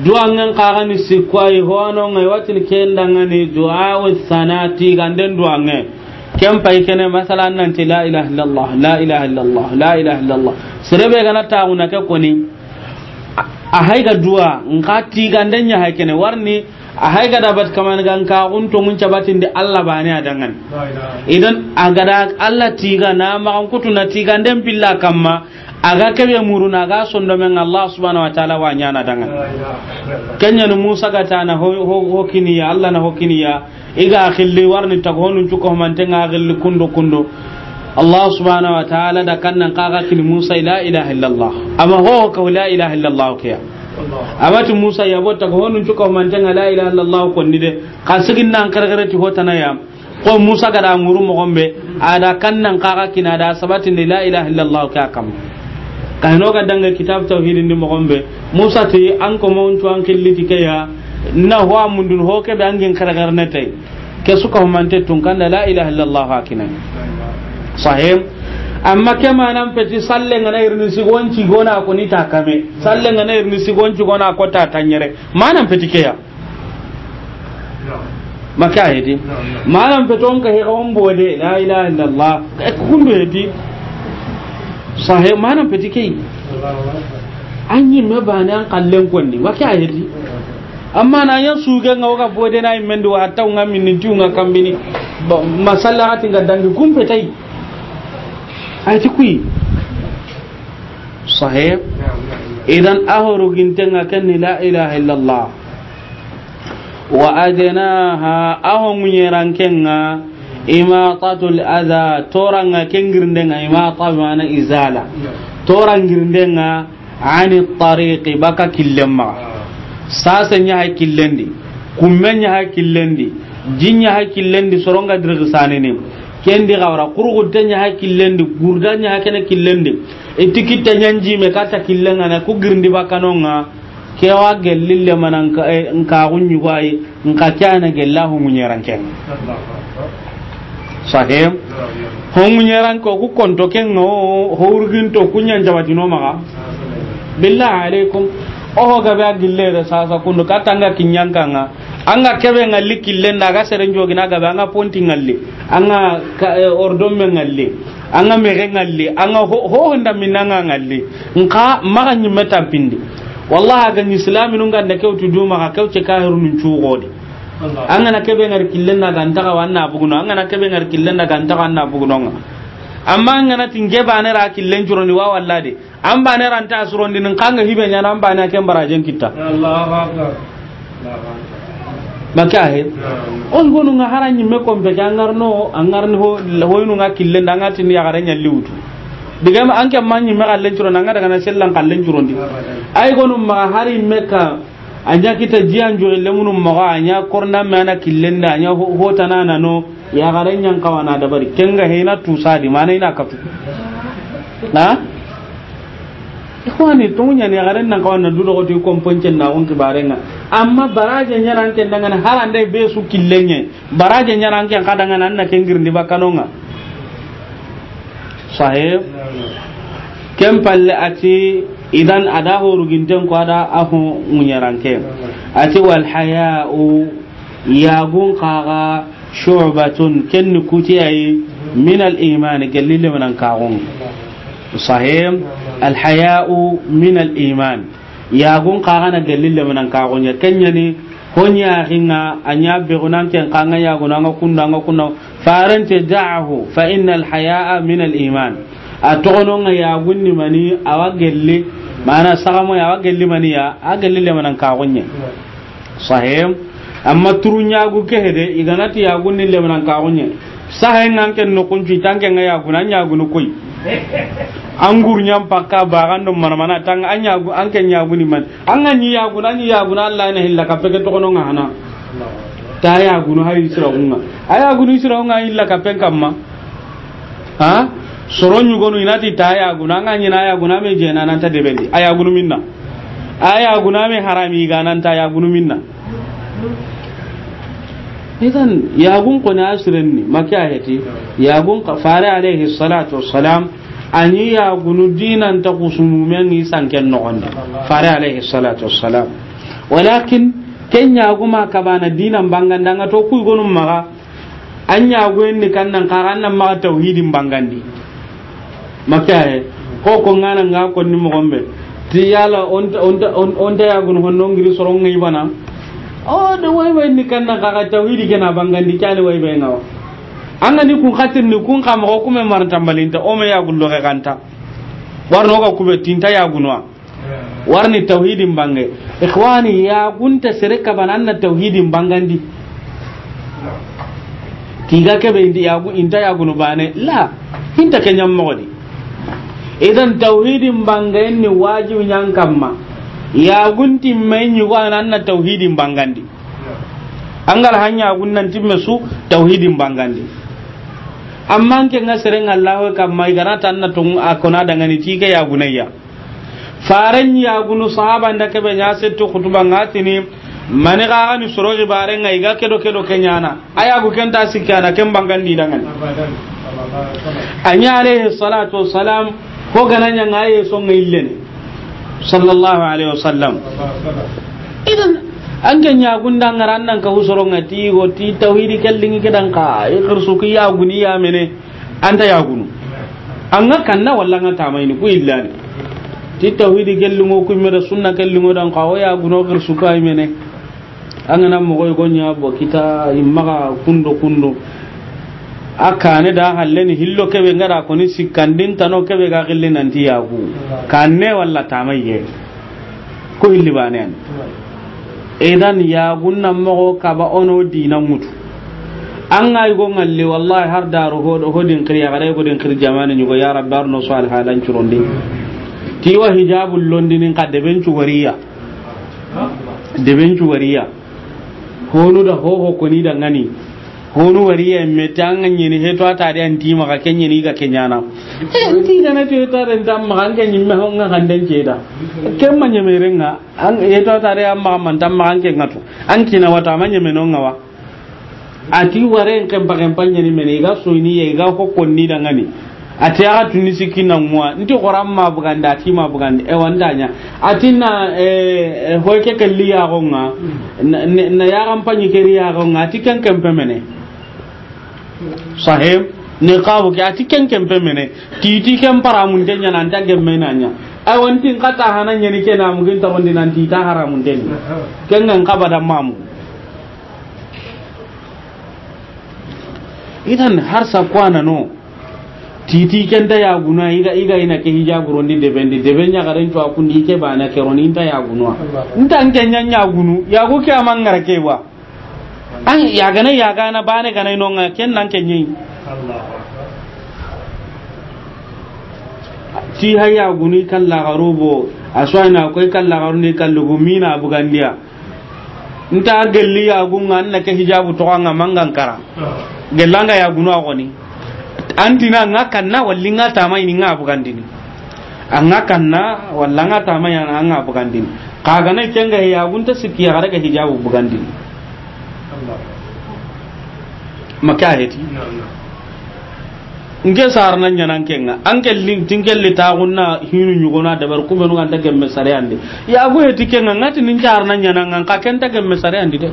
duwangan kagani sikwai hono ngai watil dua wa sanati ganden duwange kem pai kene masalan nan ti la ilaha illallah la ilaha illallah la ilaha illallah serebe gana tauna ke koni a haiga dua ngati ganden ya haikene warni a haiga da bat kaman gan ka unto mun cabatin di Allah bani a idan a gada Allah tiga na ma kutuna tiga den billa kamma aga kebe muruna aga sondo men Allah subhanahu wa ta'ala wa nyana danga kenya no Musa gata na ho ho ya Allah na ho ya iga khilli warni tagonu cuko tenga khilli kundo kundo Allah subhanahu wa ta'ala da kannan kaga kini Musa la ilaha illallah amma ho ka la ilaha illallah kiya amma tu Musa ya bota tagonu cuko tenga la ilaha illallah konni de kasigin nan kargare ti hotana ya ko Musa gada muru mo gombe ada kannan kaga kina da sabatin la ilaha illallah ka kam kayno ga danga kitab tauhidin di mogombe musa te an ko mon to an kelliti ke ya na ho mundun ho ke be angin karagar ne tay ke suka humante tun kan la ilaha illallah hakina sahim amma ke ma manan feti salle ngana irni si gonci gona ko ni takame salle ngana irni si gonci gona ko ta tanyere ma manan feti ke ya maka hedi manan feton ka he on de la ilaha illallah ko kundu hedi sahe manan peti kei an yi me bane an kallen konni wake a yedi amma na yan suge nga waka bode na imen do hatta nga min ti nga kambini masalla hati nga dangi kum petai ay ti kui sahe idan ahoro gintenga kenni la ilaha illallah wa adenaha ahongunyerankenga imatatul adha toranga kengirndenga imata mana izala torangirndenga ani tariqi baka killemma sasa nya hay killendi kummenya hay killendi jinya hay killendi soronga dirgisane ne kendi gawra kurgudanya hay killendi gurdanya hay kene killendi itikitta nyanji me kata killenga na ku girndi baka nonga kewa gellille mana nka eh, nka gunyuwai nka kyana gellahu munyeranken sahim hongu nyeran ko ku konto ken no hurgin to kunyan maga billahi alaikum o ho gabe agille da sasa katanga nga anga kebe na ga seren jogi na gabe anga ponti ngalle anga eh, ordom anga anga ho ho nda minanga nka maga nyimeta pindi wallahi ga islami nunga da kewtu duma kewce an gana kebe ngar killen na ganta ga wanna buguno an gana kebe ngar killen na ganta ga wanna buguno amma an gana tinge ba ne ra killen juro ni wa walla de an ba ne ran ta suro ni nin kanga hibe nya an ba ne ken barajen kitta Allahu akbar maka he on gonu nga haran nyimme kombe ga ngarno ni ho hoynu nga killen da ngati ni ya nya liwtu diga ma anke man me kallen juro na nga daga na sellan kallen juro ndi ay gonu ma hari meka a kita jiyan jure lemunum maga anya korna mana killenda anya hota na no ya garen yan kawana da bari kenga heina tusa di mana ina kafu na ikhwani tunya ne garen nan kawana dudo ko na on kibarenga amma baraje nyaran ken harande be su killenye baraje nyaran ken kadangan anna kengir ndi bakanonga sahib kem ati idan ada horuginten ko ada ahu munyaranke ati wal haya'u gun kaga shu'batun kenni kuti ayi min al iman galile manan kaun sahim al haya'u min al iman gun kaga na galile manan kaun ya ni honya hinga anya be gunan ken kanga ya gonan kunna kunna farante da'ahu fa innal haya'a min al iman a ya gunni mani awa mana sagamo ya gelli maniya a gelli le manan ka gonye sahem amma turunya gu kehede iganati ya gunni le manan ka gonye sahen nan ken no kunji tanke nga ya gunan ya gunu koi angur nyam pakka bagan do mana mana tang anya gu anke nya guni man anga nyi ya gunan ya gunan Allah ne hilla ka peke to kono hana ta ya gunu hayi sira gunna aya gunu sira gunna illa ka pen kamma ha soron yugonu inati ta ya guna an ganyi na ya guna mai jena nan ta debendi aya gunu minna aya guna mai harami ga nan ta ya gunu minna idan yagun ko na asirin ne maki a heti yagun fare alaihi salatu wassalam ani yagunu dinan ta kusumumen yi sanken nogonde fare alaihi salatu wassalam walakin ken yaguma kabana dinan bangandanga to kuy gonum maga an yaguen ni kannan karannan maga tauhidin bangandi makaye ko ko ngana nga ko ni mogombe ti yala on on on ta yagun honno ngiri soro ngai bana o de way way ni kan na ka tawhidi gena bangandi kyale way bay ngawa anga ni kun khatin ni kun kam ko kuma mar tambalinta o me yagun lo kanta warno ka kube tinta yagunwa warni tawhidin bange ikhwani ya gunta sirka bananna tawhidin bangandi tiga kebe indi yagu inta yagunu bane la hinta kenyam mogodi idan tauhidin bangayen ni wajibi nyan ma ya gunti mai ni nan na tauhidin bangandi angal hanya gunnan timme su tauhidin bangandi amma ke nga sereng allah kamma igana tanna tun akona dangani tike ya gunayya faran ya gunu sahaba da kebe nya setu khutuba ngatini mani ga ni sorogi bare ngai ga kedo kedo kenyana aya gu kenta sikana ken bangandi dangani anya alaihi salatu wassalam ko gana nyanga ye so ngailen sallallahu alaihi wasallam idan an ke ñagunda ngara an nan ka husoronga ti go ti tawhidi kallingi kedan ka i ya yaguni yamene ya yagunu an ga kanna walla nga ni ku illani ti tawhidi kellingo ku mere sunna kellingo dan ka o yaguno kursu ka mene an nan mo go ña bo kita imma kundo kundo a kane da ne hillo kebe da koni sikandin tano kebe ga gilli nanti ku kanne walla tamayye ko hilli bane an idan yagun nan ka kaba ono dina mutu an ga go ngalle wallahi har daru hodo hodin kiriya gare godin kir jamani go ya rabbi arno salih halan churondi ti wa hijabul londinin kadeben chuwariya deben chuwariya honu da ho koni da ngani honu wari ya meta an ganyi ni heto ata da anti maka kenyi ni ga kenyana anti da na teta da ta maka an ganyi me hon ga handen ke da ken manya me renga an heto ata da amma man tan maka an ken ngatu an kina wata manya me non ngawa ati ware en kan pakan panya ni me ni ga so ni ye ga ko konni da ngani ati aga tuni siki na muwa nti koran ma buganda ati ma buganda e wanda nya ati na eh e, hoike kalli ya gonga na ya kampanyi keri ya gonga ati kan kan pemene sahib ne qabu ke ati ken ken pemene titi ken para mun denya nan nya menanya ai wantin kata hanan yani ke na mungin ta wandi nan tita haramun den ken ngan kaba da mamu idan har sa kwana no titi ken da ya guna iga iga ina ke hija gurondi de bendi de benya garan to akun ike bana ke ronin ta ya gunwa ntan ken nya gunu ya go ke amangara ke wa an yagana yagana bane gana inonga eh, ken nan ken yi ti haya guni kan la garubo aswa na koi kan la garuni kan lugu mina bugandia nta gelli ya gun an na ke hijabu to anga mangan kara gelanga ya gunu agoni antina nga kanna wallinga nga tamai ni nga bugandini anga kanna walla nga tamai anga bugandini kaga ne kenga ya gun ta sikiya gara ke hijabu bugandini makaheti nke sarna ñanan kenga anke tinkelli taxunna hinu ñugona dabar kubenu ganta gemme ya yago heti kenga ngati nin carna ñananga nka kenta gemme sareyandi de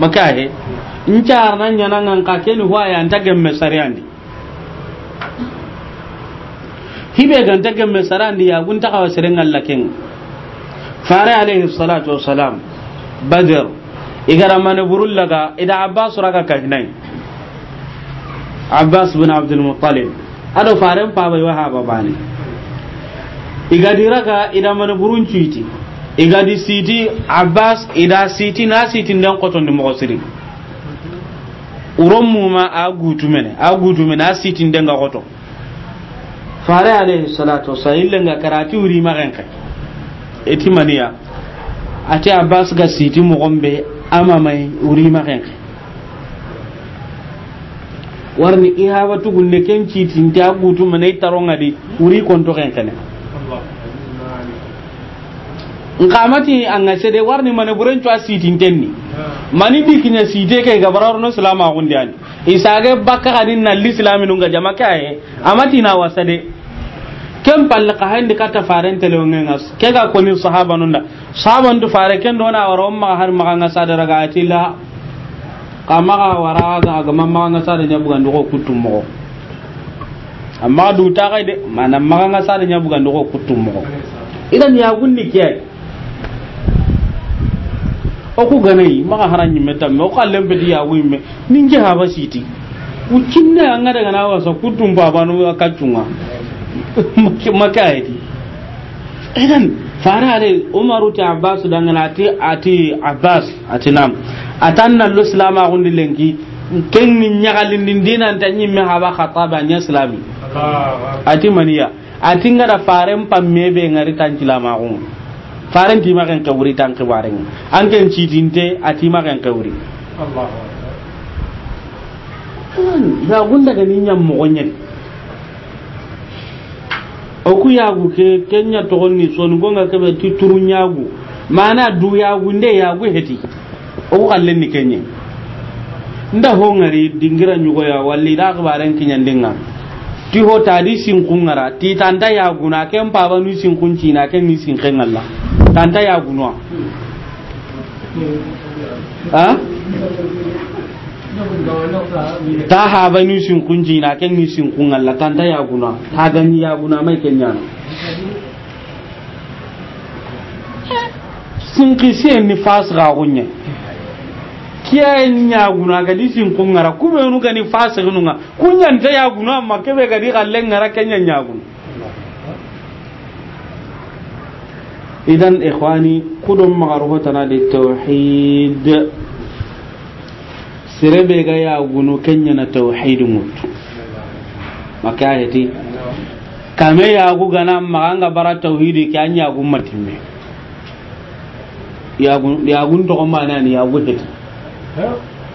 makahe na ñananga nka keni hoaya nta gemme sareyandi hibe ganta gemme sareyandi yagunta xawa serengalla kenga fare alayhi salatu wasalam badr igara mani laga ida abbas raka kajnai abbas bin abdul muttalib ado faren pa bai wa haba bani igadi raka ida mani burun cuiti igadi siti abbas ida siti na siti ndan koton di mokosiri uron muma a gutu mene a mene a siti ndan ga koton fare alayhi salatu wasallam illan ga karati uri magan kai itimaniya ati abbas ga siti mogon be ama mai uri maken warni i hawa ne ken citin ta gutu mana i taronga di uri konto nka kene an anga sede warni mana buren cuwa ten ni mani bi kinya site kai gabarar no salama gundi isa ga bakka kanin nalli islamin ga jama'a kai amati na wasade ken palle ka handi kata faren tele ngenga ke ga koni sahaba nunda sahaba ndu fare ken dona waro ma har ma ga sadara ga atila kama ga wara ga ga ma nga sadara nyabu ga ndoko kutumo amma du ta ga de mana ma nga da nyabu ga ndoko kutumo idan ya gunni ke o ku ganai ma haranyi meta me o kallen be ya wi me ninge haba siti ucinna nga daga na wasa kutum ka akacunga [laughs] makayati idan fara ale umaru ta abbas dangana ati ati abbas ati nam atan na lu salama gundi lenki ken ni din dina ta nyimme haba khataba nya salami ati maniya ati ngada faren pam mebe ngari tan cilama gun faren ti ma kan kawri tan kibaren an ken ci dinte ati ma kan kawri allah ya gunda ga ni nyam mo gonyen oku yagu ke kenya togonni soni gonga kebe ti turu nyagu mana du yagu nde yagu heti oku kallen ni kenya nda ho ngari dingira nyugo ya walli da akbaran kinyandinga ti ho tadi sin kungara ti tanda yagu na ken baba nu sin kunci na ken ni sin ken Allah tanda yagu no ha ta ha ba ni sin kun jina ken ni sin kun Allah kan ta ya guna ta gani ya guna mai ken ya sin kisi ni fas ga gunya kiya nya guna ga di sin kun ngara ku be nu ga ni fas ga nunga kunya ta ya guna amma ke be ga di kallen ngara ken nya guna idan ikhwani kudum magarhotana di tauhid serebe ga ya gunu kenya na tauhidin mutu maka ya ti kame ya gu gana maganga bara tauhidi ke an ya gu matimme ya gun to ma nani ya gu heti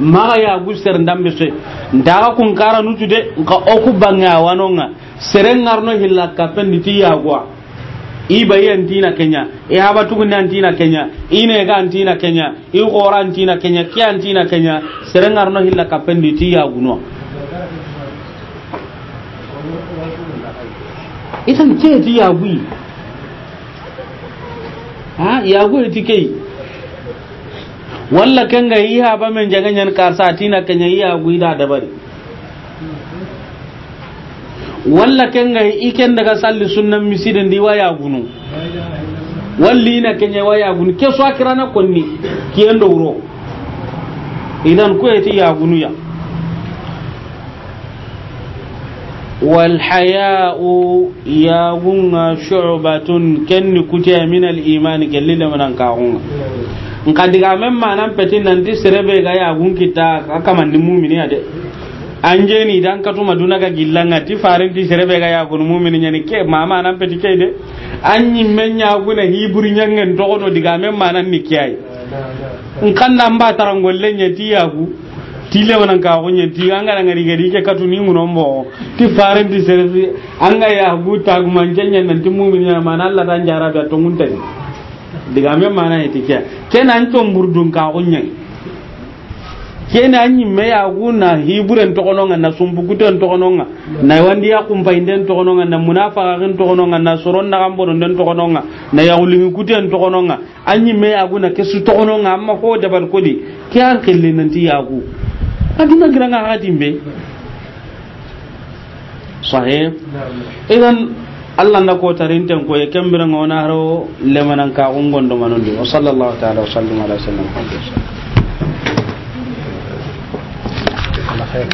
ma ya gu ser ndambe se ndaka kun kara nutu de ka oku banga wanonga seren ngarno hilla ka pendi ti ya gwa i bayi antina kenya i haba tugun antina kenya i ne ga antina kenya i gora antina kenya ki antina kenya serengar arno hilla kapendi ti ya guno isan ce ti ya gui ha ya gui ti kai walla kanga i haba men jaganyan karsa tina kenya i ya gui da dabari walla kenga iken daga salli sunnan miside ndi waya gunu walli na kenya waya gunu ke so akirana konni endo wuro idan ko yati ya gunu ya wal haya'u ya gunna shu'batun kenni kuti min al iman gallila manan kaunga nka diga memma nan petin nan di serebe ga ya gun kita akaman ni mu'mini ade anje ni dan katuma ga gillanga ti farin ti serebe ga ya gun mu'minin yani ke mama nan peti ke de anyi menya guna hiburi nyangen dogodo diga men manan ni kiyai in kanna mba tarangolle nyati ya ku ti wonan ka kunya ti an ga ngari gari ke katu ni mun ombo ti farin ti serfi an ga ya gu ta gu manjanya nan ti mu'min ya mana Allah dan jara to ngunta diga ti mana ke nan to burdun ka kunya kena ñimme na hiburen togononga na sumbuguten togononga na wandiya kumpainden togononga na munafakakin togononga na soron naxanbononden togononga na yaxulingikuten togononga a ñimme yaguna kesu togononga amma ko dabal kodi ke an xelle nanti yagu aduna giranga xaxatin be sahe idan allah na ko tarinten koye kembirenga wona haro lemanankaxungondomanondi wa sallallahu taala wa sallam ala sallam है।